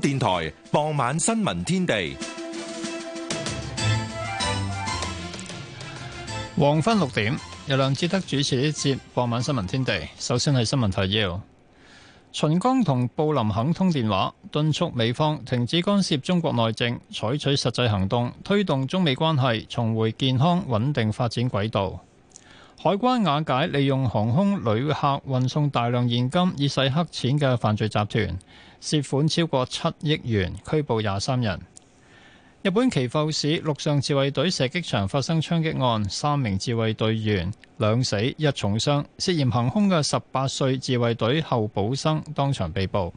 電台傍晚新聞天地，黃昏六點，由梁智德主持一節傍晚新聞天地。首先係新聞提要：秦剛同布林肯通電話，敦促美方停止干涉中國內政，採取實際行動推動中美關係重回健康穩定發展軌道。海關瓦解利用航空旅客運送大量現金以洗黑錢嘅犯罪集團，涉款超過七億元，拘捕廿三人。日本岐阜市陸上自衛隊射擊場發生槍擊案，三名自衛隊員兩死一重傷，涉嫌行凶嘅十八歲自衛隊候補生當場被捕。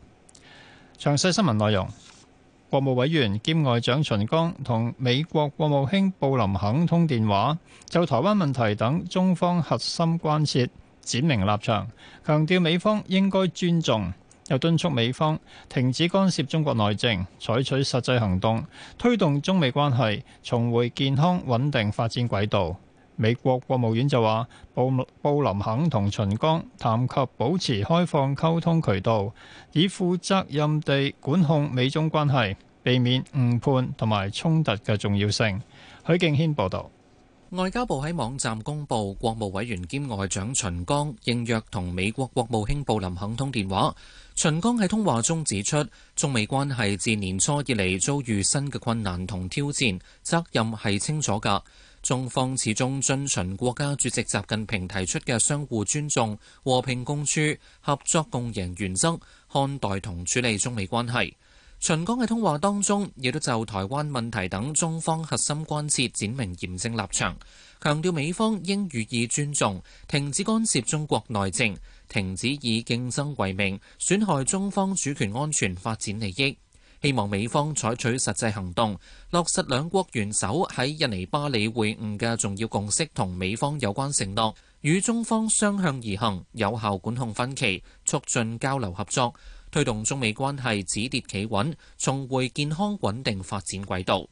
詳細新聞內容。國務委員兼外長秦剛同美國國務卿布林肯通電話，就台灣問題等中方核心關切，闡明立場，強調美方應該尊重，又敦促美方停止干涉中國內政，採取實際行動，推動中美關係重回健康穩定發展軌道。美國國務院就話，布布林肯同秦剛談及保持開放溝通渠道，以負責任地管控美中關係，避免誤判同埋衝突嘅重要性。許敬軒報道。外交部喺網站公布，國務委員兼外長秦剛應約同美國國務卿布林肯通電話，秦剛喺通話中指出，中美關係自年初以嚟遭遇新嘅困難同挑戰，責任係清楚噶。中方始終遵循國家主席習近平提出嘅相互尊重、和平共處、合作共贏原則，看待同處理中美關係。秦剛嘅通話當中，亦都就台灣問題等中方核心關切，展明嚴正立場，強調美方應予以尊重，停止干涉中國內政，停止以競爭為名損害中方主權安全發展利益。希望美方採取實際行動落實兩國元首喺印尼巴厘會晤嘅重要共識同美方有關承諾，與中方雙向而行，有效管控分歧，促進交流合作。推動中美關係止跌企穩，重回健康穩定發展軌道。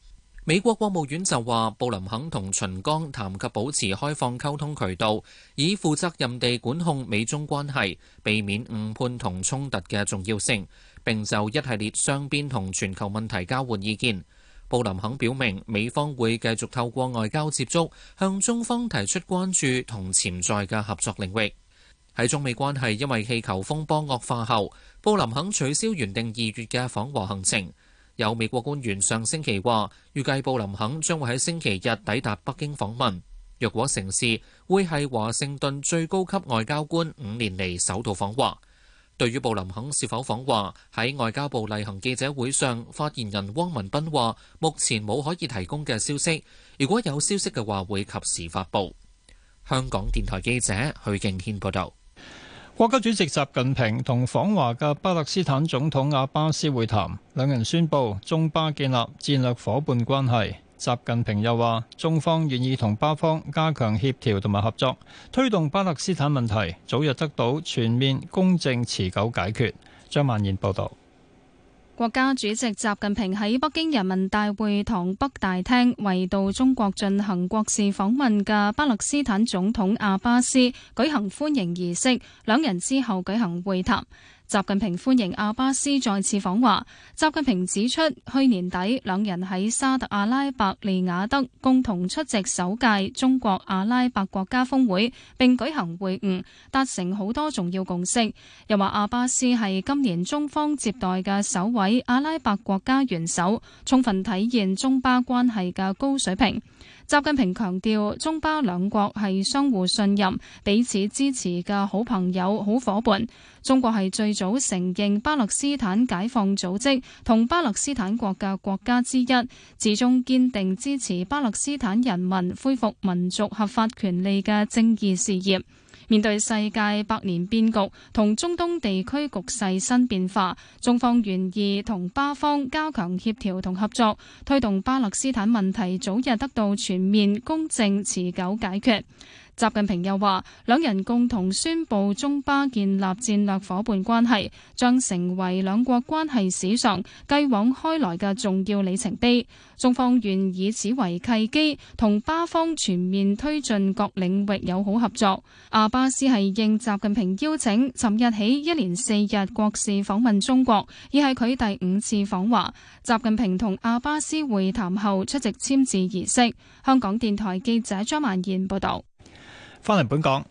美國國務院就話，布林肯同秦剛談及保持開放溝通渠道，以負責任地管控美中關係，避免誤判同衝突嘅重要性，並就一系列雙邊同全球問題交換意見。布林肯表明，美方會繼續透過外交接觸，向中方提出關注同潛在嘅合作領域。喺中美關係因為氣球風波惡化後，布林肯取消原定二月嘅訪華行程。有美國官員上星期話，預計布林肯將會喺星期日抵達北京訪問。若果成事，會係華盛頓最高級外交官五年嚟首度訪華。對於布林肯是否訪華，喺外交部例行記者會上，發言人汪文斌話：目前冇可以提供嘅消息。如果有消息嘅話，會及時發布。香港電台記者許敬軒報道。國家主席習近平同訪華嘅巴勒斯坦總統阿巴斯會談，兩人宣布中巴建立戰略夥伴關係。習近平又話，中方願意同巴方加強協調同埋合作，推動巴勒斯坦問題早日得到全面公正持久解決。張曼燕報道。國家主席習近平喺北京人民大會堂北大廳為到中國進行國事訪問嘅巴勒斯坦總統阿巴斯舉行歡迎儀式，兩人之後舉行會談。習近平歡迎阿巴斯再次訪華。習近平指出，去年底兩人喺沙特阿拉伯利雅德共同出席首屆中國阿拉伯國家峰會，並舉行會晤，達成好多重要共識。又話阿巴斯係今年中方接待嘅首位阿拉伯國家元首，充分體現中巴關係嘅高水平。習近平強調，中巴兩國係相互信任、彼此支持嘅好朋友、好夥伴。中國係最早承認巴勒斯坦解放組織同巴勒斯坦國嘅國家之一，始終堅定支持巴勒斯坦人民恢復民族合法權利嘅正義事業。面對世界百年變局，同中東地區局勢新變化，中方願意同巴方加強協調同合作，推動巴勒斯坦問題早日得到全面、公正、持久解決。習近平又話，兩人共同宣布中巴建立戰略伙伴關係，將成為兩國關係史上繼往開來嘅重要里程碑。中方願以此為契機，同巴方全面推進各領域友好合作。阿巴斯係應習近平邀請，尋日起一連四日國事訪問中國，已係佢第五次訪華。習近平同阿巴斯會談後出席簽字儀式。香港電台記者張曼燕報導。返嚟本港，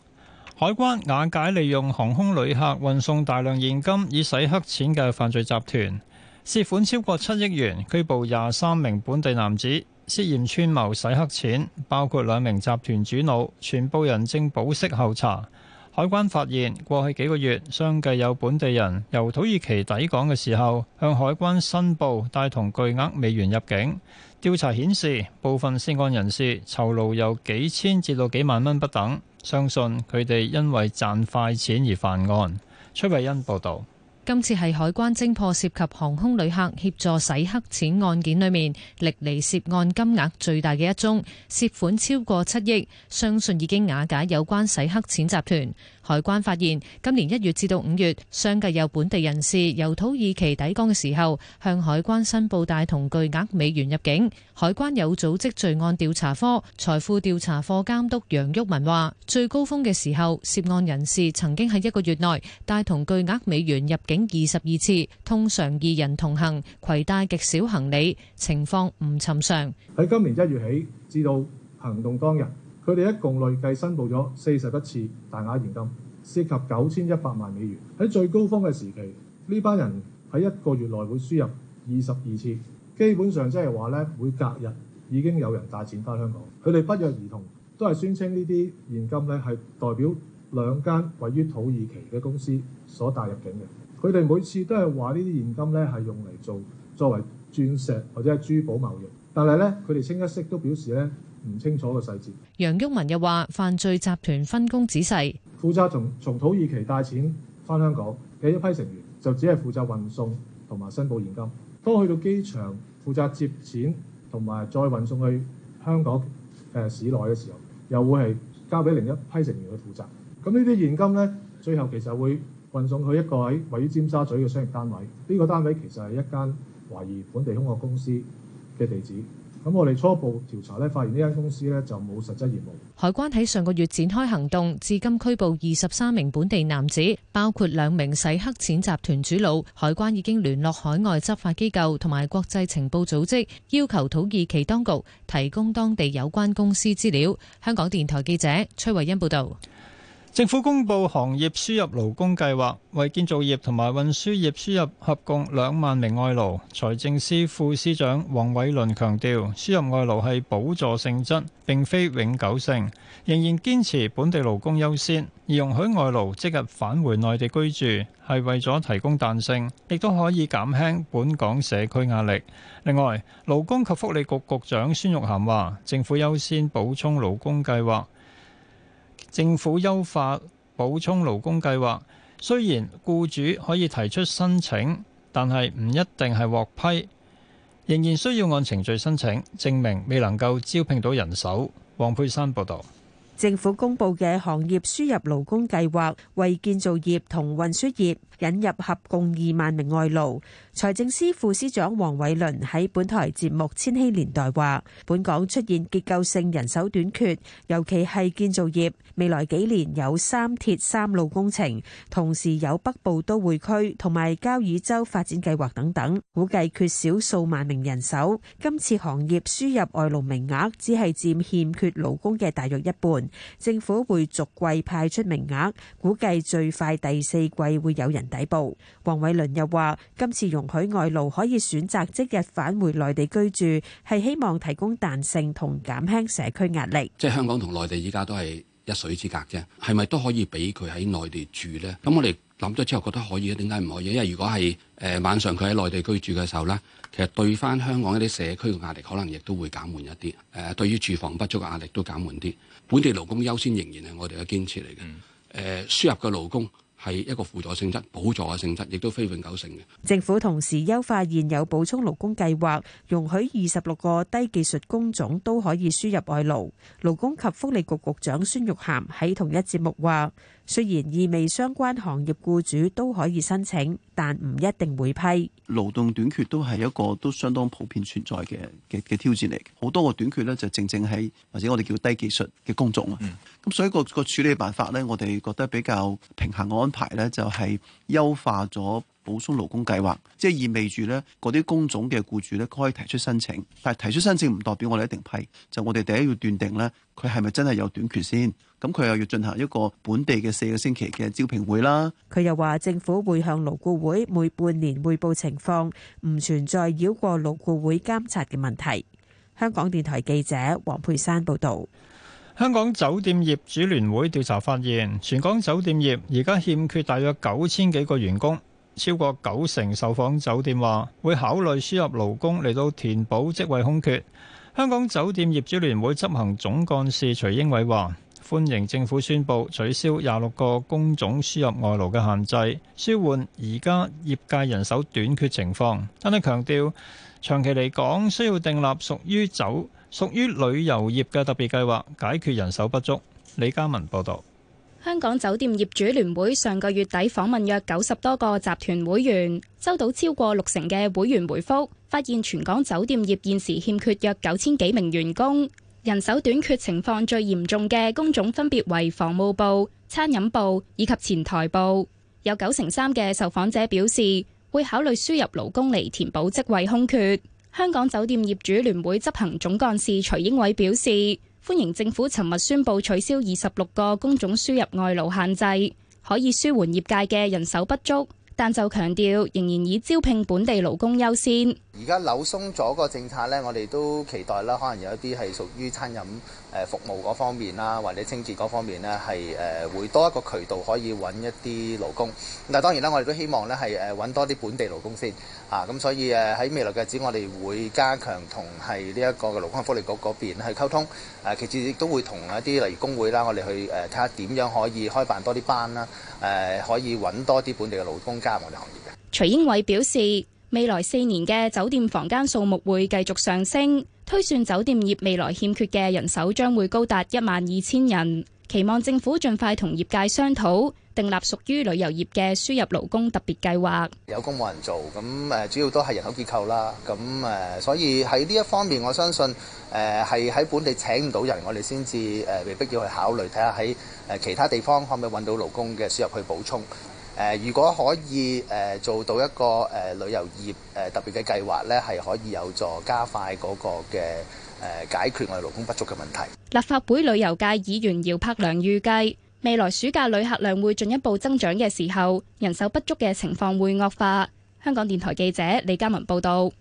海關瓦解利用航空旅客運送大量現金以洗黑錢嘅犯罪集團，涉款超過七億元，拘捕廿三名本地男子，涉嫌串謀洗黑錢，包括兩名集團主腦，全部人正保釋候查。海關發現過去幾個月，相繼有本地人由土耳其抵港嘅時候，向海關申報帶同巨額美元入境。調查顯示，部分涉案人士酬勞由幾千至到幾萬蚊不等，相信佢哋因為賺快錢而犯案。崔慧欣報導，今次係海關偵破涉及航空旅客協助洗黑錢案件裏面歷嚟涉案金額最大嘅一宗，涉款超過七億，相信已經瓦解有關洗黑錢集團。海關發現今年一月至到五月，相繼有本地人士由土耳其抵港嘅時候，向海關申報帶同巨額美元入境。海關有組織罪案調查科財富調查課監督楊旭文話最高峰嘅時候，涉案人士曾經喺一個月內帶同巨額美元入境二十二次，通常二人同行，攜帶極少行李，情況唔尋常。喺今年一月起至到行動當日。佢哋一共累計申報咗四十一次大額現金，涉及九千一百萬美元。喺最高峰嘅時期，呢班人喺一個月內會輸入二十二次，基本上即係話咧，每隔日已經有人帶錢翻香港。佢哋不約而同都係宣稱呢啲現金咧，係代表兩間位於土耳其嘅公司所帶入境嘅。佢哋每次都係話呢啲現金咧，係用嚟做作為鑽石或者係珠寶貿易，但係咧，佢哋清一色都表示咧，唔清楚個細節。楊裕文又話，犯罪集團分工仔細，負責從從土耳其帶錢翻香港嘅一批成員就只係負責運送同埋申報現金。當去到機場負責接錢同埋再運送去香港誒市內嘅時候，又會係交俾另一批成員去負責，咁呢啲現金咧，最後其實會運送去一個喺位於尖沙咀嘅商業單位。呢、這個單位其實係一間懷疑本地空殼公司嘅地址。咁我哋初步調查呢，發現呢間公司呢就冇實質業務。海關喺上個月展開行動，至今拘捕二十三名本地男子，包括兩名洗黑錢集團主腦。海關已經聯絡海外執法機構同埋國際情報組織，要求土耳其當局提供當地有關公司資料。香港電台記者崔慧欣報道。政府公布行業輸入勞工計劃，為建造業同埋運輸業輸入合共兩萬名外勞。財政司副司長黃偉綸強調輸入外勞係補助性質並非永久性，仍然堅持本地勞工優先。而容許外勞即日返回內地居住，係為咗提供彈性，亦都可以減輕本港社區壓力。另外，勞工及福利局局、局長孫玉菡話政府優先補充勞工計劃。政府優化補充勞工計劃，雖然雇主可以提出申請，但係唔一定係獲批，仍然需要按程序申請，證明未能夠招聘到人手。黃佩珊報導，政府公布嘅行業輸入勞工計劃為建造業同運輸業。引入合共二萬名外勞。財政司副司長黃偉綸喺本台節目《千禧年代》話：本港出現結構性人手短缺，尤其係建造業，未來幾年有三鐵三路工程，同時有北部都會區同埋交椅洲發展計劃等等，估計缺少數萬名人手。今次行業輸入外勞名額只係佔欠缺勞工嘅大約一半，政府會逐季派出名額，估計最快第四季會有人。底部，黃偉倫又話：今次容許外勞可以選擇即日返回內地居住，係希望提供彈性同減輕社區壓力。即係香港同內地依家都係一水之隔啫，係咪都可以俾佢喺內地住呢？咁我哋諗咗之後覺得可以，點解唔可以？因為如果係誒、呃、晚上佢喺內地居住嘅時候呢，其實對翻香港一啲社區嘅壓力可能亦都會減緩一啲。誒、呃，對於住房不足嘅壓力都減緩啲。本地勞工優先仍然係我哋嘅堅持嚟嘅。誒、呃，輸入嘅勞工。係一個輔助性質、補助嘅性質，亦都非永久性嘅。政府同時優化現有補充勞工計劃，容許二十六個低技術工種都可以輸入外勞。勞工及福利局局長孫玉菡喺同一節目話。雖然意味相關行業僱主都可以申請，但唔一定會批。勞動短缺都係一個都相當普遍存在嘅嘅嘅挑戰嚟。好多個短缺咧，就正正喺或者我哋叫低技術嘅工種啊。咁、嗯、所以個個處理辦法咧，我哋覺得比較平衡嘅安排咧，就係優化咗補充勞工計劃，即係意味住咧，嗰啲工種嘅僱主咧可以提出申請，但係提出申請唔代表我哋一定批。就我哋第一要斷定咧，佢係咪真係有短缺先。咁佢又要進行一個本地嘅四個星期嘅招聘會啦。佢又話政府會向勞顧會每半年匯報情況，唔存在繞過勞顧會監察嘅問題。香港電台記者黃佩珊報道。香港酒店業主聯會調查發現，全港酒店業而家欠缺大約九千幾個員工，超過九成受訪酒店話會考慮輸入勞工嚟到填補職位空缺。香港酒店業主聯會執行總幹事徐英偉話。歡迎政府宣布取消廿六個工種輸入外勞嘅限制，舒緩而家業界人手短缺情況。但係強調，長期嚟講需要訂立屬於酒、屬於旅遊業嘅特別計劃，解決人手不足。李嘉文報道，香港酒店業主聯會上個月底訪問約九十多個集團會員，收到超過六成嘅會員回覆，發現全港酒店業現時欠缺約九千幾名員工。人手短缺情況最嚴重嘅工種分別為房務部、餐飲部以及前台部。有九成三嘅受訪者表示會考慮輸入勞工嚟填補職位空缺。香港酒店業主聯會執行總幹事徐英偉表示，歡迎政府尋日宣布取消二十六個工種輸入外勞限制，可以舒緩業界嘅人手不足，但就強調仍然以招聘本地勞工優先。而家扭鬆咗個政策咧，我哋都期待啦，可能有一啲係屬於餐飲誒服務嗰方面啦，或者清潔嗰方面咧，係誒、呃、會多一個渠道可以揾一啲勞工。但係當然啦，我哋都希望咧係誒揾多啲本地勞工先啊。咁所以誒喺未來嘅日子，我哋會加強同係呢一個勞工福利局嗰邊去溝通，誒、啊、其次亦都會同一啲例如工會啦，我哋去誒睇下點樣可以開辦多啲班啦，誒、啊、可以揾多啲本地嘅勞工加入我哋行業嘅。徐英偉表示，未來四年嘅酒店房間數目會繼續上升，推算酒店業未來欠缺嘅人手將會高達一萬二千人。期望政府盡快同業界商討，訂立屬於旅遊業嘅輸入勞工特別計劃。有工冇人做，咁誒主要都係人口結構啦，咁誒所以喺呢一方面，我相信誒係喺本地請唔到人，我哋先至誒被迫要去考慮睇下喺誒其他地方可唔可以搵到勞工嘅輸入去補充。誒，如果可以誒做到一個誒旅遊業誒特別嘅計劃咧，係可以有助加快嗰個嘅誒解決我哋勞工不足嘅問題。立法會旅遊界議員姚柏良預計未來暑假旅客量會進一步增長嘅時候，人手不足嘅情況會惡化。香港電台記者李嘉文報道。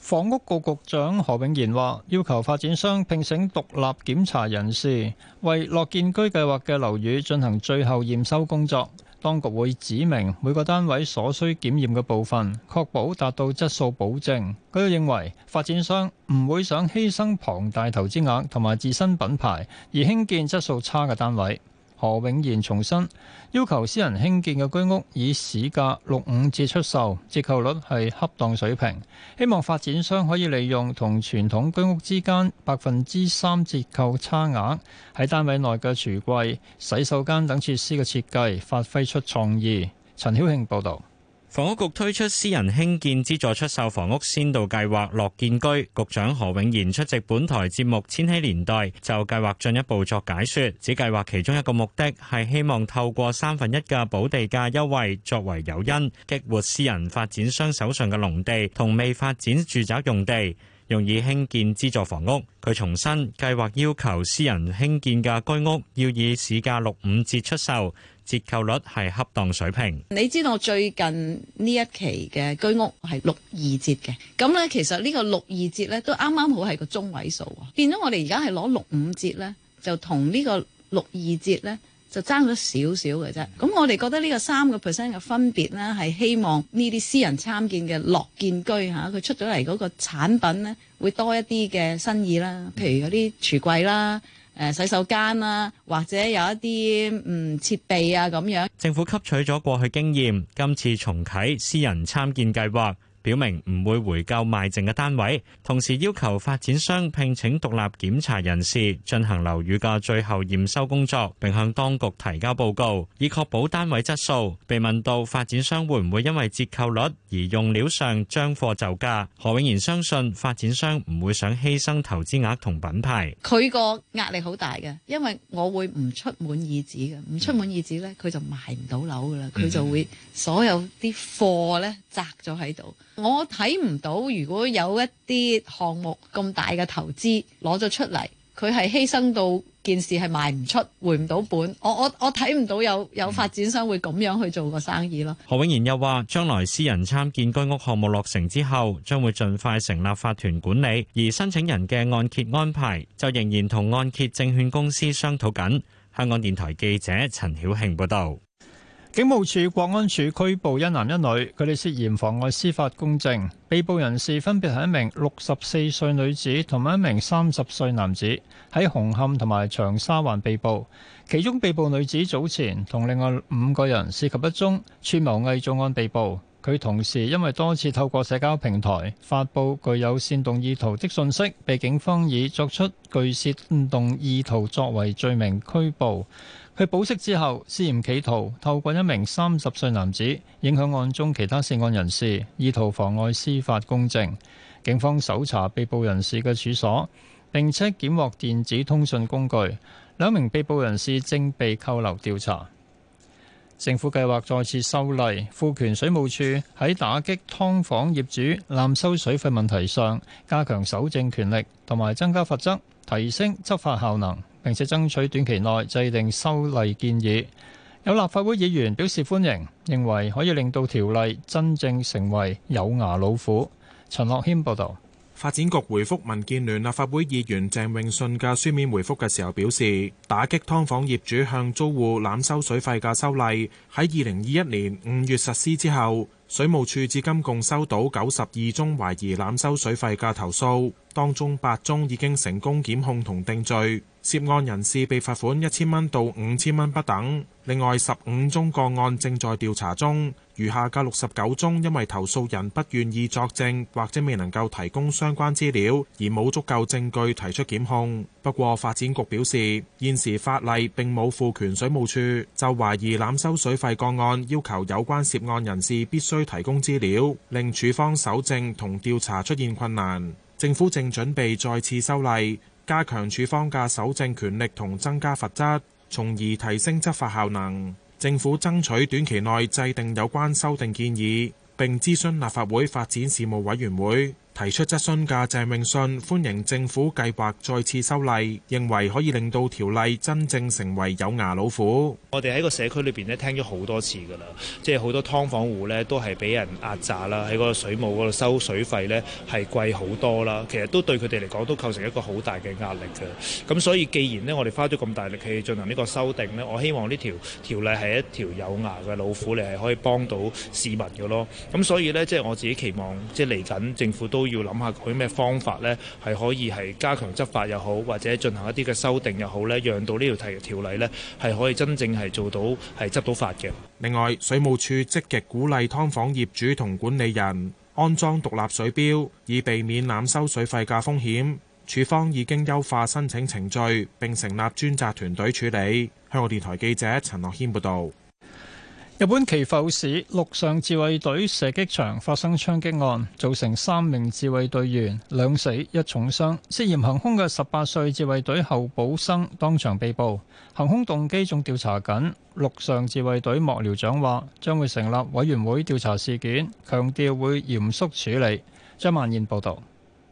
房屋局局長何永賢話，要求發展商聘請獨立檢查人士為樂建居計劃嘅樓宇進行最後驗收工作。當局會指明每個單位所需檢驗嘅部分，確保達到質素保證。佢又認為發展商唔會想犧牲龐大投資額同埋自身品牌，而興建質素差嘅單位。何永賢重申，要求私人興建嘅居屋以市價六五折出售，折扣率係恰當水平。希望發展商可以利用同傳統居屋之間百分之三折扣差額，喺單位內嘅廚櫃、洗手間等設施嘅設計發揮出創意。陳曉慶報導。房屋局推出私人興建資助出售房屋先導計劃樂建居，局長何永賢出席本台節目《千禧年代》就計劃進一步作解說。只計劃其中一個目的係希望透過三分一嘅保地價優惠作為誘因，激活私人發展商手上嘅農地同未發展住宅用地。用以興建資助房屋，佢重申計劃要求私人興建嘅居屋要以市價六五折出售，折扣率係恰當水平。你知道最近呢一期嘅居屋係六二折嘅，咁咧其實呢個六二折咧都啱啱好係個中位數啊，變咗我哋而家係攞六五折咧，就同呢個六二折咧。就爭咗少少嘅啫，咁我哋覺得呢個三個 percent 嘅分別呢，係希望呢啲私人參建嘅樂建居嚇，佢、啊、出咗嚟嗰個產品呢，會多一啲嘅新意啦，譬如有啲櫥櫃啦、誒、呃、洗手間啦，或者有一啲嗯設備啊咁樣。政府吸取咗過去經驗，今次重啟私人參建計劃。表明唔會回購賣剩嘅單位，同時要求發展商聘請獨立檢查人士進行樓宇嘅最後驗收工作，並向當局提交報告，以確保單位質素。被問到發展商會唔會因為折扣率而用料上將貨就價，何永賢相信發展商唔會想犧牲投資額同品牌。佢個壓力好大嘅，因為我會唔出滿意紙嘅，唔出滿意紙咧，佢就賣唔到樓噶啦，佢就會所有啲貨咧砸咗喺度。我睇唔到，如果有一啲項目咁大嘅投資攞咗出嚟，佢係犧牲到件事係賣唔出，回唔到本。我我我睇唔到有有發展商會咁樣去做個生意咯。何永賢又話：將來私人參建居屋項目落成之後，將會盡快成立法團管理，而申請人嘅按揭安排就仍然同按揭證券公司商討緊。香港電台記者陳曉慶報道。警務處國安處拘捕一男一女，佢哋涉嫌妨礙司法公正。被捕人士分別係一名六十四歲女子同埋一名三十歲男子，喺紅磡同埋長沙灣被捕。其中被捕女子早前同另外五個人涉及一宗串謀偽造案被捕，佢同時因為多次透過社交平台發布具有煽動意圖的信息，被警方以作出具煽動意圖作為罪名拘捕。佢保釋之後，涉嫌企圖透過一名三十歲男子影響案中其他涉案人士，意圖妨礙司法公正。警方搜查被捕人士嘅處所，並且檢獲電子通訊工具。兩名被捕人士正被扣留調查。政府計劃再次修例，賦權水務處喺打擊劏房業主濫收水費問題上加強搜證權力，同埋增加罰則，提升執法效能。並且爭取短期內制定修例建議，有立法會議員表示歡迎，認為可以令到條例真正成為有牙老虎。陳樂軒報導，發展局回覆民建聯立法會議員鄭永信嘅書面回覆嘅時候表示，打擊劏房業主向租戶濫收水費嘅修例喺二零二一年五月實施之後，水務處至今共收到九十二宗懷疑濫收水費嘅投訴。當中八宗已經成功檢控同定罪，涉案人士被罰款一千蚊到五千蚊不等。另外十五宗個案正在調查中，餘下嘅六十九宗因為投訴人不願意作證或者未能夠提供相關資料，而冇足夠證據提出檢控。不過發展局表示，現時法例並冇賦權水務處，就懷疑濫收水費個案要求有關涉案人士必須提供資料，令處方搜證同調查出現困難。政府正準備再次修例，加強處方嘅守正權力同增加罰則，從而提升執法效能。政府爭取短期內制定有關修訂建議，並諮詢立法會發展事務委員會。提出質詢嘅鄭泳舜歡迎政府計劃再次修例，認為可以令到條例真正成為有牙老虎。我哋喺個社區裏邊咧聽咗好多次㗎啦，即係好多劏房戶咧都係俾人壓榨啦，喺個水務嗰度收水費呢係貴好多啦，其實都對佢哋嚟講都構成一個好大嘅壓力嘅。咁所以既然呢，我哋花咗咁大力氣進行呢個修訂呢，我希望呢條條例係一條有牙嘅老虎，你係可以幫到市民嘅咯。咁所以呢，即係我自己期望，即係嚟緊政府都。要諗下佢咩方法呢？係可以係加強執法又好，或者進行一啲嘅修訂又好呢，讓到呢條條條例呢，係可以真正係做到係執到法嘅。另外，水務署積極鼓勵劏房業主同管理人安裝獨立水表，以避免濫收水費嘅風險。署方已經優化申請程序，並成立專責團隊處理。香港電台記者陳樂謙報道。日本岐阜市陸上自衛隊射擊場發生槍擊案，造成三名自衛隊員兩死一重傷，涉嫌行凶嘅十八歲自衛隊候補生當場被捕，行凶動機仲調查緊。陸上自衛隊幕僚長話將會成立委員會調查事件，強調會嚴肅處理。張萬燕報道。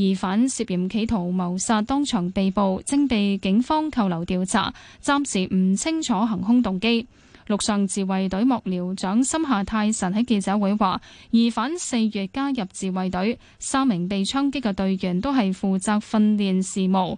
疑犯涉嫌企圖謀殺，當場被捕，正被警方扣留調查，暫時唔清楚行凶動機。陸上自衛隊幕僚長森下泰臣喺記者會話：疑犯四月加入自衛隊，三名被槍擊嘅隊員都係負責訓練事務。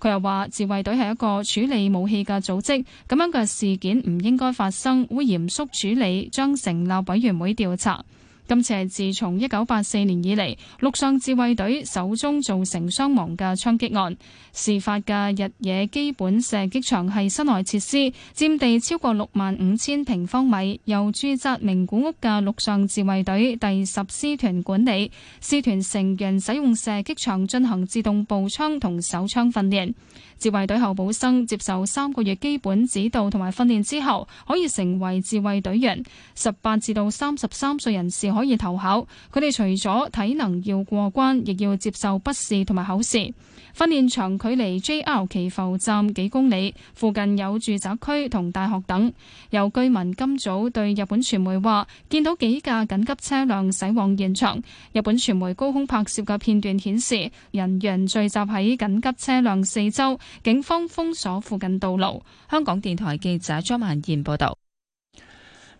佢又話：自衛隊係一個處理武器嘅組織，咁樣嘅事件唔應該發生，會嚴肅處理，將成立委員會調查。今次係自從一九八四年以嚟，陸上自衛隊首宗造成傷亡嘅槍擊案。事發嘅日野基本射擊場係室內設施，佔地超過六萬五千平方米，由駐紮名古屋嘅陸上自衛隊第十師團管理。師團成員使用射擊場進行自動步槍同手槍訓練。自衛隊候補生接受三個月基本指導同埋訓練之後，可以成為自衛隊員。十八至到三十三歲人士，可以投考，佢哋除咗體能要過關，亦要接受筆試同埋考試。訓練場距離 JR 祈浮站幾公里，附近有住宅區同大學等。有居民今早對日本傳媒話，見到幾架緊急車輛駛往現場。日本傳媒高空拍攝嘅片段顯示，人員聚集喺緊急車輛四周，警方封鎖附近道路。香港電台記者張曼燕報道。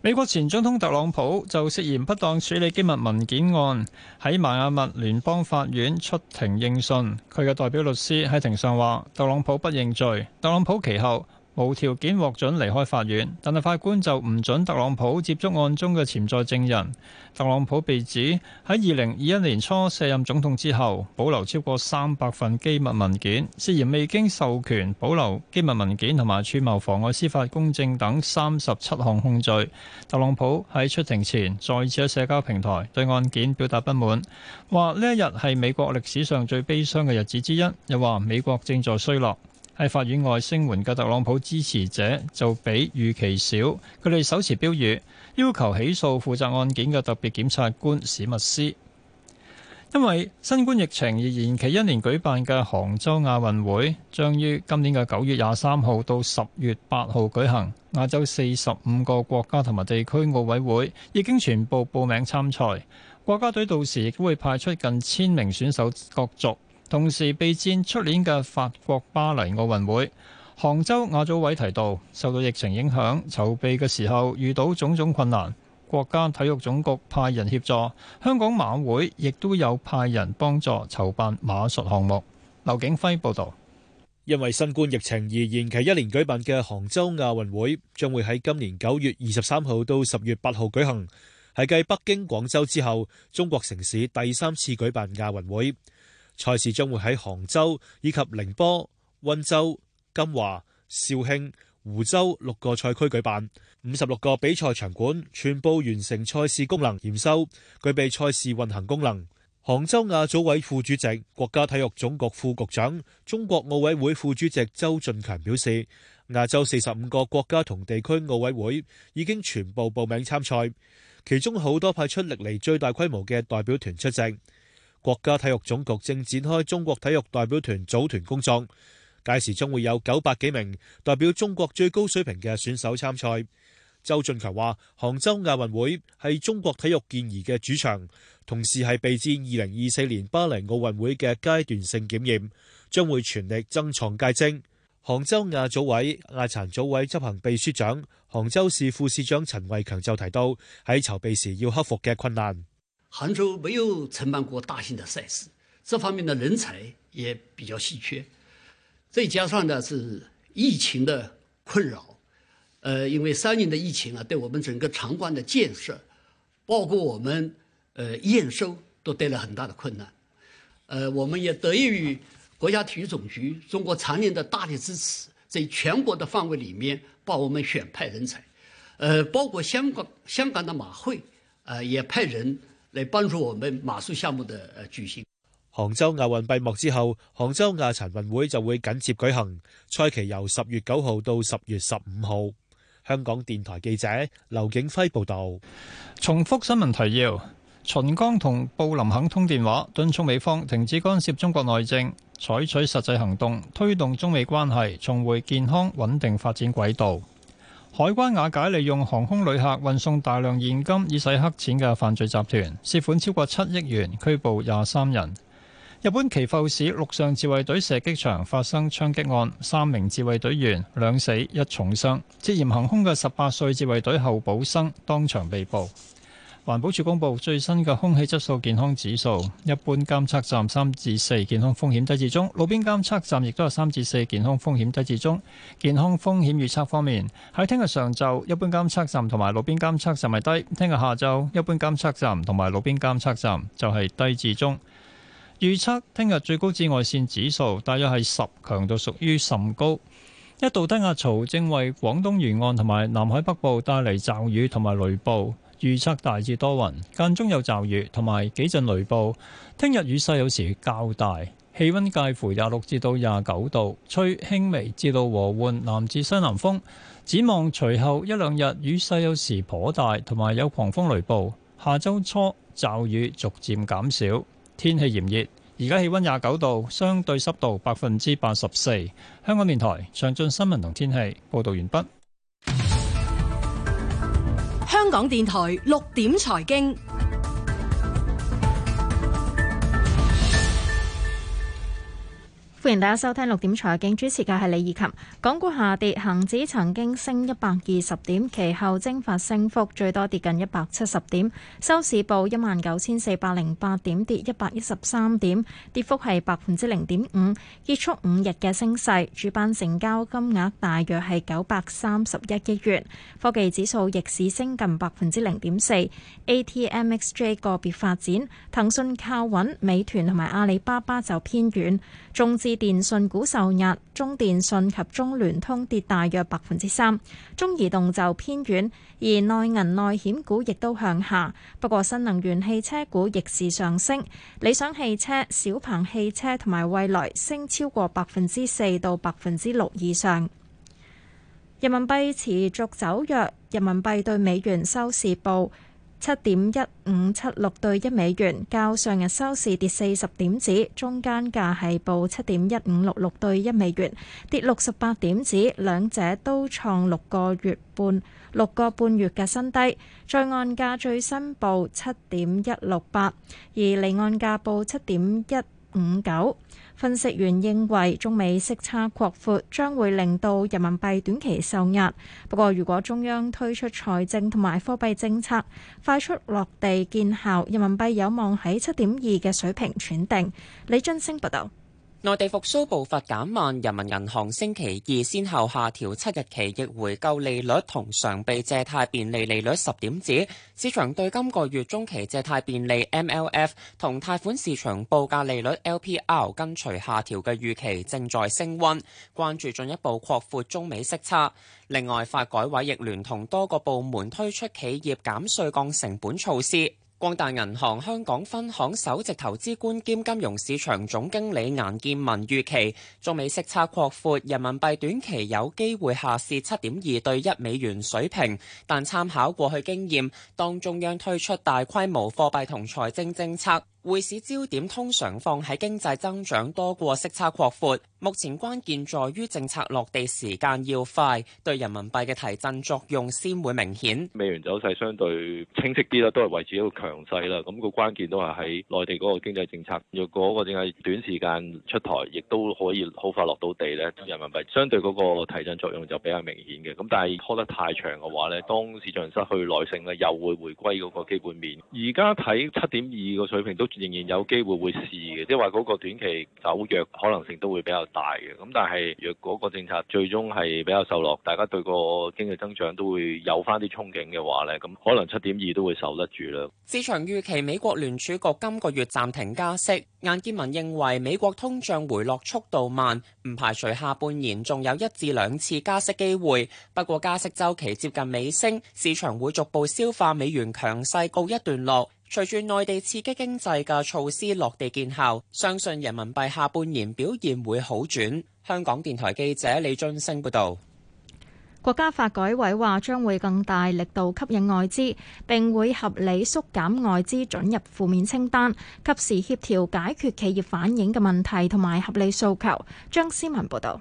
美國前總統特朗普就涉嫌不當處理機密文件案，喺邁阿密聯邦法院出庭應訊。佢嘅代表律師喺庭上話：特朗普不認罪。特朗普其後，無條件獲准離開法院，但係法官就唔准特朗普接觸案中嘅潛在證人。特朗普被指喺二零二一年初卸任總統之後，保留超過三百份機密文件，涉嫌未經授權保留機密文件同埋串謀妨礙司法公正等三十七項控罪。特朗普喺出庭前再次喺社交平台對案件表達不滿，話呢一日係美國歷史上最悲傷嘅日子之一，又話美國正在衰落。喺法院外聲援嘅特朗普支持者就比預期少，佢哋手持標語，要求起訴負責案件嘅特別檢察官史密斯。因為新冠疫情而延期一年舉辦嘅杭州亞運會，將於今年嘅九月廿三號到十月八號舉行。亞洲四十五個國家同埋地區奧委會已經全部報名參賽，國家隊到時亦都會派出近千名選手角逐，同時備戰出年嘅法國巴黎奧運會，杭州亞組委提到受到疫情影響，籌備嘅時候遇到種種困難，國家體育總局派人協助，香港馬會亦都有派人幫助籌辦馬術項目。劉景輝報導。因為新冠疫情而延期一年舉辦嘅杭州亞運會，將會喺今年九月二十三號到十月八號舉行，係繼北京、廣州之後，中國城市第三次舉辦亞運會。賽事將會喺杭州以及寧波、温州、金華、紹興、湖州六個賽區舉辦，五十六個比賽場館全部完成賽事功能驗收，具備賽事運行功能。杭州亞組委副主席、國家體育總局副局長、中國奧委會副主席周進強表示，亞洲四十五個國家同地區奧委會已經全部報名參賽，其中好多派出歷嚟最大規模嘅代表團出席。國家體育總局正展開中國體育代表團組團工作，屆時將會有九百幾名代表中國最高水平嘅選手參賽。周俊強話：杭州亞運會係中國體育健兒嘅主場，同時係備戰二零二四年巴黎奧運會嘅階段性檢驗，將會全力爭創佳績。杭州亞組委亞殘組委執行秘書長、杭州市副市長陳衛強就提到喺籌備時要克服嘅困難。杭州沒有承辦過大型的賽事，這方面的人才也比較稀缺，再加上呢是疫情的困擾，呃，因為三年的疫情啊，對我們整個場館的建設，包括我們呃，驗收都帶來很大的困難。呃，我們也得益於國家體育總局、中國殘聯的大力支持，在全國的範圍裏面，幫我們選派人才，呃，包括香港香港的馬會，呃，也派人。嚟幫助我們馬術項目的舉行。杭州亞運閉幕之後，杭州亞殘運會就會緊接舉行，賽期由十月九號到十月十五號。香港電台記者劉景輝報道。重複新聞提要：秦剛同布林肯通電話，敦促美方停止干涉中國內政，採取實際行動推動中美關係重回健康穩定發展軌道。海關瓦解利用航空旅客運送大量現金以洗黑錢嘅犯罪集團，涉款超過七億元，拘捕廿三人。日本岐阜市陸上自衛隊射擊場發生槍擊案，三名自衛隊員兩死一重傷，涉嫌行凶嘅十八歲自衛隊候補生當場被捕。環保署公布最新嘅空氣質素健康指數，一般監測站三至四，健康風險低至中；路邊監測站亦都有三至四，健康風險低至中。健康風險預測方面，喺聽日上晝，一般監測站同埋路邊監測站係低；聽日下晝，一般監測站同埋路邊監測站就係低至中。預測聽日最高紫外線指數大約係十，強度屬於甚高。一道低壓槽正為廣東沿岸同埋南海北部帶嚟驟雨同埋雷暴。預測大致多雲，間中有驟雨同埋幾陣雷暴。聽日雨勢有時較大，氣溫介乎廿六至到廿九度，吹輕微至到和緩南至西南風。展望隨後一兩日雨勢有時頗大，同埋有狂風雷暴。下週初驟雨逐漸減少，天氣炎熱。而家氣溫廿九度，相對濕度百分之八十四。香港電台上進新聞同天氣報道完畢。香港電台六點財經。歡迎大家收聽六點財經，主持嘅係李綺琴。港股下跌，恒指曾經升一百二十點，其後蒸發升幅最多跌近一百七十點，收市報一萬九千四百零八點，跌一百一十三點，跌幅係百分之零點五。結束五日嘅升勢，主板成交金額大約係九百三十一億元。科技指數逆市升近百分之零點四。A T M X J 個別發展，騰訊靠穩，美團同埋阿里巴巴就偏軟。中資。電信股受壓，中電信及中聯通跌大約百分之三，中移動就偏軟，而內銀內險股亦都向下。不過，新能源汽車股逆市上升，理想汽車、小鵬汽車同埋蔚來升超過百分之四到百分之六以上。人民幣持續走弱，人民幣對美元收市報。七點一五七六對一美元，較上日收市跌四十點子，中間價係報七點一五六六對一美元，跌六十八點子，兩者都創六個月半、六個半月嘅新低。在岸價最新報七點一六八，而離岸價報七點一五九。分析員認為，中美息差擴闊將會令到人民幣短期受壓。不過，如果中央推出財政同埋貨幣政策快速落地見效，人民幣有望喺七點二嘅水平喘定。李津升報道。內地復甦步伐減慢，人民銀行星期二先後下調七日期逆回購利率同常備借貸便利利率十點子，市場對今個月中期借貸便利 MLF 同貸款市場報價利率 LPR 跟隨下調嘅預期正在升溫，關注進一步擴闊中美息差。另外，發改委亦聯同多個部門推出企業減稅降成本措施。光大銀行香港分行首席投資官兼金融市場總經理顏建文預期，中美息差擴闊，人民幣短期有機會下試七點二對一美元水平，但參考過去經驗，當中央推出大規模貨幣同財政政策，匯市焦點通常放喺經濟增長多過息差擴闊，目前關鍵在於政策落地時間要快，對人民幣嘅提振作用先會明顯。美元走勢相對清晰啲啦，都係維持一個強勢啦。咁個關鍵都係喺內地嗰個經濟政策，若果個政策短時間出台，亦都可以好快落到地咧，人民幣相對嗰個提振作用就比較明顯嘅。咁但係拖得太長嘅話呢，當市場失去耐性呢，又會回歸嗰個基本面。而家睇七點二個水平都，仍然有機會會試嘅，即係話嗰個短期走弱可能性都會比較大嘅。咁但係若嗰個政策最終係比較受落，大家對個經濟增長都會有翻啲憧憬嘅話咧，咁可能七點二都會受得住啦。市場預期美國聯儲局今個月暫停加息，晏建文認為美國通脹回落速度慢，唔排除下半年仲有一至兩次加息機會。不過加息週期接近尾聲，市場會逐步消化美元強勢告一段落。隨住內地刺激經濟嘅措施落地見效，相信人民幣下半年表現會好轉。香港電台記者李俊升報道。國家發改委話將會更大力度吸引外資，並會合理縮減外資準入負面清單，及時協調解決企業反映嘅問題同埋合理訴求。張思文報道。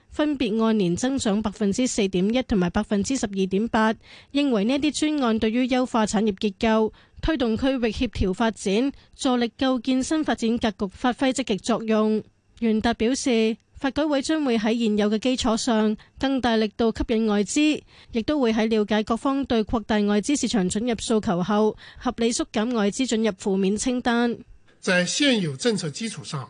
分別按年增長百分之四點一同埋百分之十二點八，認為呢啲專案對於優化產業結構、推動區域協調發展、助力構建新發展格局發揮積極作用。袁達表示，發改委將會喺現有嘅基礎上，更大力度吸引外資，亦都會喺了解各方對擴大外資市場准入訴求後，合理縮減外資准入負面清單。在現有政策基礎上，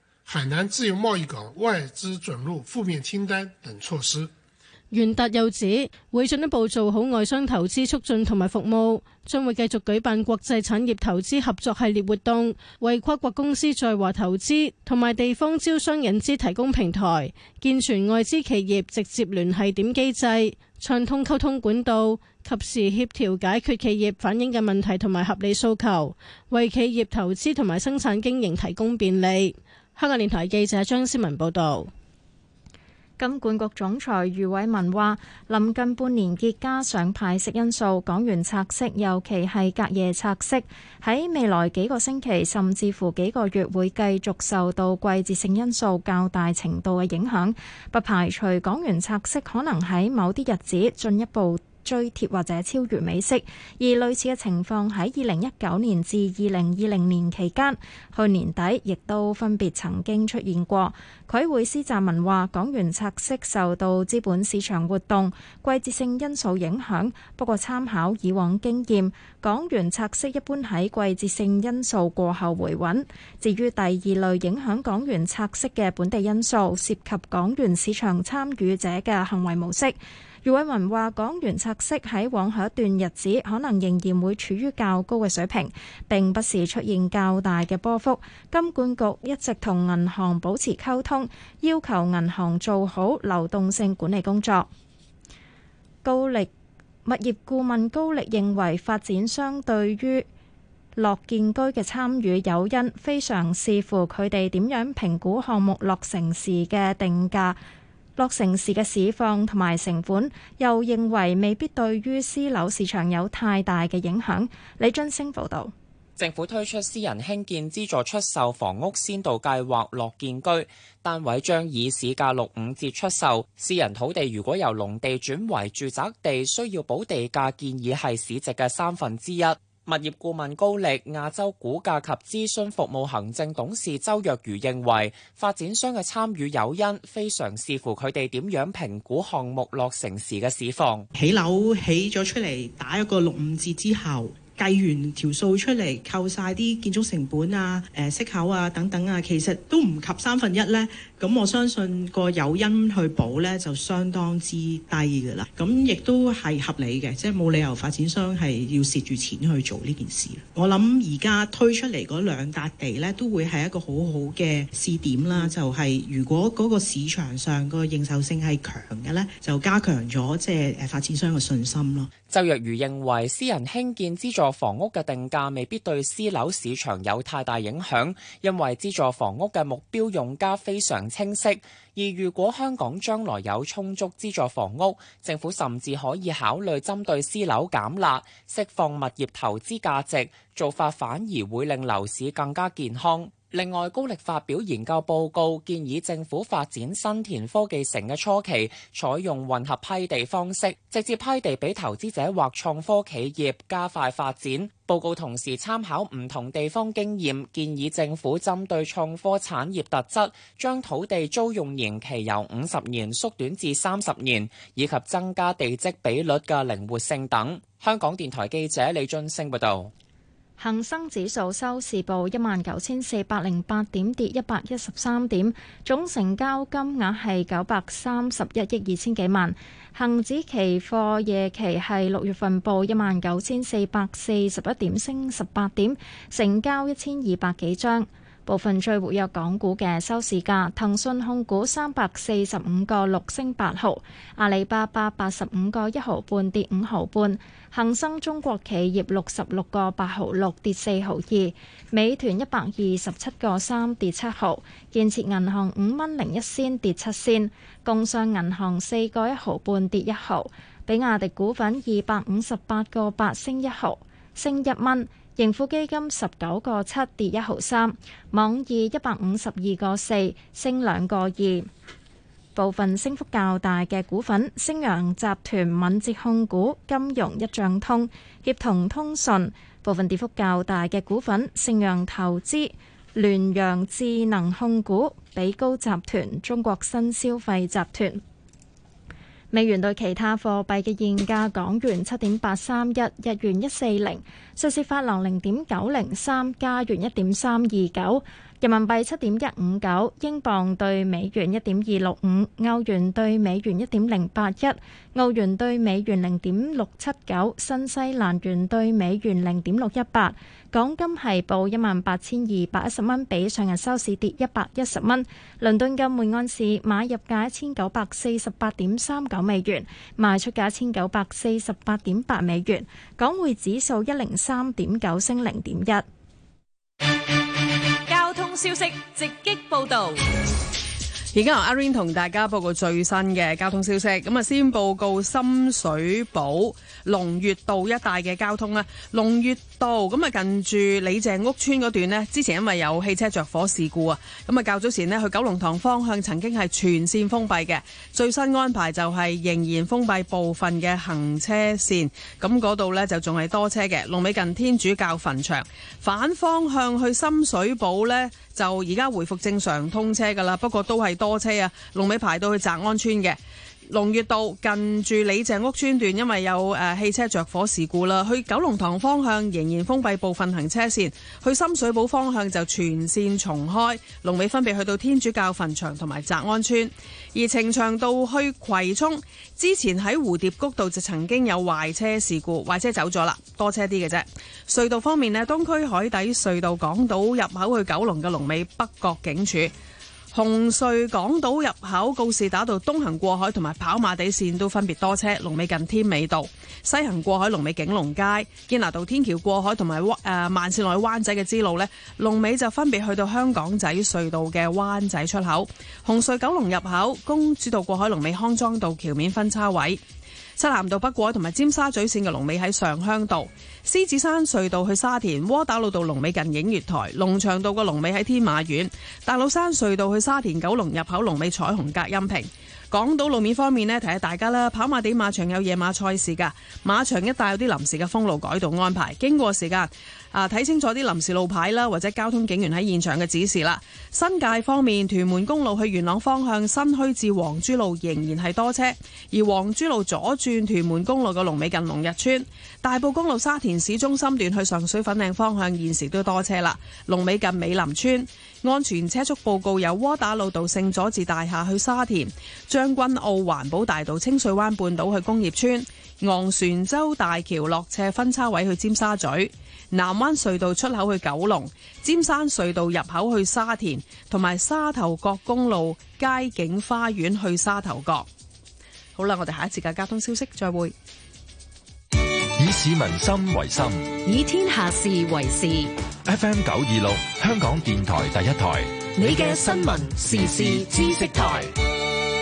海南自由貿易港外資准入負面清單等措施，袁達又指會進一步做好外商投資促進同埋服務，將會繼續舉辦國際產業投資合作系列活動，為跨國公司在華投資同埋地方招商引資提供平台，健全外資企業直接聯繫點機制，暢通溝通管道，及時協調解決企業反映嘅問題同埋合理訴求，為企業投資同埋生產經營提供便利。香港電台記者張思文報道，金管局總裁余偉文話，臨近半年結加上派息因素，港元拆息尤其係隔夜拆息，喺未來幾個星期甚至乎幾個月會繼續受到季節性因素較大程度嘅影響，不排除港元拆息可能喺某啲日子進一步追貼或者超越美息，而類似嘅情況喺二零一九年至二零二零年期間，去年底亦都分別曾經出現過。佢喺匯思撰文話，港元拆息受到資本市場活動季節性因素影響，不過參考以往經驗，港元拆息一般喺季節性因素過後回穩。至於第二類影響港元拆息嘅本地因素，涉及港元市場參與者嘅行為模式。余偉文話：港元拆息喺往後一段日子可能仍然會處於較高嘅水平，並不時出現較大嘅波幅。金管局一直同銀行保持溝通，要求銀行做好流動性管理工作。高力物業顧問高力認為，發展商對於樂建居嘅參與誘因，非常視乎佢哋點樣評估項目落成時嘅定價。各城市嘅市況同埋成本，又認為未必對於私樓市場有太大嘅影響。李津升報道，政府推出私人興建資助出售房屋先導計劃樂建居單位，將以市價六五折出售。私人土地如果由農地轉為住宅地，需要補地價，建議係市值嘅三分之一。物業顧問高力亞洲股價及諮詢服務行政董事周若瑜認為，發展商嘅參與誘因，非常視乎佢哋點樣評估項目落成時嘅市況。起樓起咗出嚟打一個六五折之後，計完條數出嚟，扣晒啲建築成本啊、誒、呃、息口啊等等啊，其實都唔及三分一呢。咁我相信個誘因去補呢，就相當之低噶啦。咁亦都係合理嘅，即係冇理由發展商係要蝕住錢去做呢件事。我諗而家推出嚟嗰兩笪地呢，都會係一個好好嘅試點啦。就係、是、如果嗰個市場上個認受性係強嘅呢，就加強咗即係發展商嘅信心咯。就若如認為私人興建資助房屋嘅定價未必對私樓市場有太大影響，因為資助房屋嘅目標用家非常清晰。而如果香港將來有充足資助房屋，政府甚至可以考慮針對私樓減辣，釋放物業投資價值，做法反而會令樓市更加健康。另外，高力發表研究報告，建議政府發展新田科技城嘅初期，採用混合批地方式，直接批地俾投資者或創科企業，加快發展。報告同時參考唔同地方經驗，建議政府針對創科產業特質，將土地租用年期由五十年縮短至三十年，以及增加地積比率嘅靈活性等。香港電台記者李津升報道。恒生指數收市報一萬九千四百零八點，跌一百一十三點，總成交金額係九百三十一億二千幾萬。恒指期貨夜期係六月份報一萬九千四百四十一點，升十八點，成交一千二百幾張。部分最活躍港股嘅收市價，騰訊控股三百四十五個六升八毫，阿里巴巴八十五個一毫半跌五毫半，恒生中國企業六十六個八毫六跌四毫二，美團一百二十七個三跌七毫，建設銀行五蚊零一仙跌七仙，工商銀行四個一毫半跌一毫，比亞迪股份二百五十八個八升一毫，升一蚊。盈富基金十九個七跌一毫三，網易一百五十二個四升兩個二，部分升幅較大嘅股份：星陽集團、敏捷控股、金融一賬通、協同通訊。部分跌幅較大嘅股份：星陽投資、聯洋智能控股、比高集團、中國新消費集團。美元對其他貨幣嘅現價：港元七點八三一，日元一四零，瑞士法郎零點九零三，加元一點三二九。人民幣七點一五九，英鎊兌美元一點二六五，歐元兌美元一點零八一，澳元兌美元零點六七九，新西蘭元兌美元零點六一八。港金係報一萬八千二百一十蚊，比上日收市跌一百一十蚊。倫敦嘅每安士買入價一千九百四十八點三九美元，賣出價一千九百四十八點八美元。港匯指數一零三點九升零點一。消息直擊報導。Yes. 而家由阿 rain 同大家報告最新嘅交通消息。咁啊，先報告深水埗龍悅道一帶嘅交通啦。龍悅道，咁啊，近住李鄭屋村嗰段呢，之前因為有汽車着火事故啊。咁啊，較早前呢，去九龍塘方向曾經係全線封閉嘅。最新安排就係仍然封閉部分嘅行車線。咁嗰度呢，就仲係多車嘅。龍尾近天主教墳場，反方向去深水埗呢，就而家回復正常通車噶啦。不過都係。多車啊，龍尾排到去澤安村嘅龍月道近住李鄭屋村段，因為有誒、啊、汽車着火事故啦。去九龍塘方向仍然封閉部分行車線，去深水埗方向就全線重開，龍尾分別去到天主教墳場同埋澤安村。而呈祥道去葵涌之前喺蝴蝶谷道就曾經有壞車事故，壞車走咗啦，多車啲嘅啫。隧道方面呢，東區海底隧道港島入口去九龍嘅龍尾北角警署。紅隧港島入口告士打道東行過海同埋跑馬地線都分別多車，龍尾近天美道；西行過海龍尾景隆街堅拿道天橋過海同埋誒萬線內灣仔嘅支路呢，龍尾就分別去到香港仔隧道嘅灣仔出口。紅隧九龍入口公主道過海龍尾康莊道橋面分叉位，漆咸道北過海同埋尖沙咀線嘅龍尾喺上鄉道。獅子山隧道去沙田窩打老道龍尾近影月台，龍翔道個龍尾喺天馬苑；大老山隧道去沙田九龍入口龍尾彩虹隔音屏。港島路面方面呢，提下大家啦，跑馬地馬場有夜馬賽事㗎，馬場一帶有啲臨時嘅封路改道安排，經過時間啊睇清楚啲臨時路牌啦，或者交通警員喺現場嘅指示啦。新界方面，屯門公路去元朗方向新墟至皇珠路仍然係多車，而皇珠路左轉屯門公路嘅龍尾近龍日村。大埔公路沙田市中心段去上水粉嶺方向現時都多車啦，龍尾近美林村。安全車速報告有窩打老道聖佐治大廈去沙田、將軍澳環保大道清水灣半島去工業村、昂船洲大橋落斜分叉位去尖沙咀、南灣隧道出口去九龍、尖山隧道入口去沙田，同埋沙頭角公路佳景花園去沙頭角。好啦，我哋下一次嘅交通消息再會。以民心為心，以天下事為事。FM 九二六，香港電台第一台，你嘅新聞時事知識台。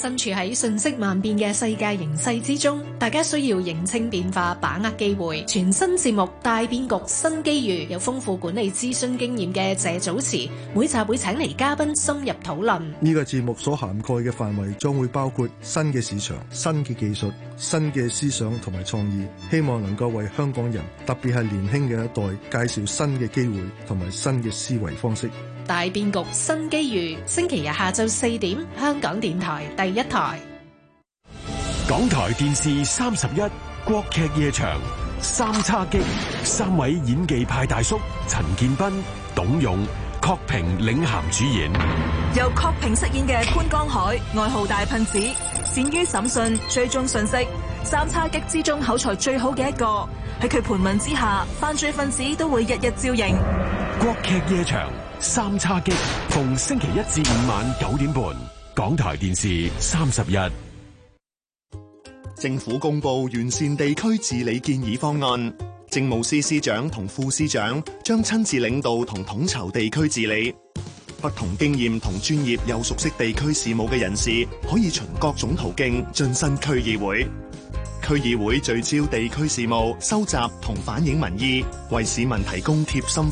身處喺瞬息萬變嘅世界形勢之中，大家需要認清變化，把握機會。全新節目大變局，新機遇，有豐富管理諮詢經驗嘅謝祖慈，每集會請嚟嘉賓深入討論。呢個節目所涵蓋嘅範圍將會包括新嘅市場、新嘅技術、新嘅思想同埋創意，希望能夠為香港人，特別係年輕嘅一代，介紹新嘅機會同埋新嘅思維方式。大變局，新機遇。星期日下晝四點，香港電台第一台。港台電視三十一，國劇夜場三叉戟，三位演技派大叔陳建斌、董勇、柯平領銜主演。由柯平飾演嘅潘江海，愛好大噴子，善於審訊，追蹤訊息。三叉戟之中口才最好嘅一個，喺佢盤問之下，犯罪分子都會日日照應。國劇夜場。三叉戟逢星期一至五晚九點半，港台電視三十一。政府公布完善地區治理建議方案，政務司司長同副司長將親自領導同統籌地區治理。不同經驗同專業又熟悉地區事務嘅人士，可以循各種途徑進身區議會。區議會聚焦地區事務，收集同反映民意，為市民提供貼心。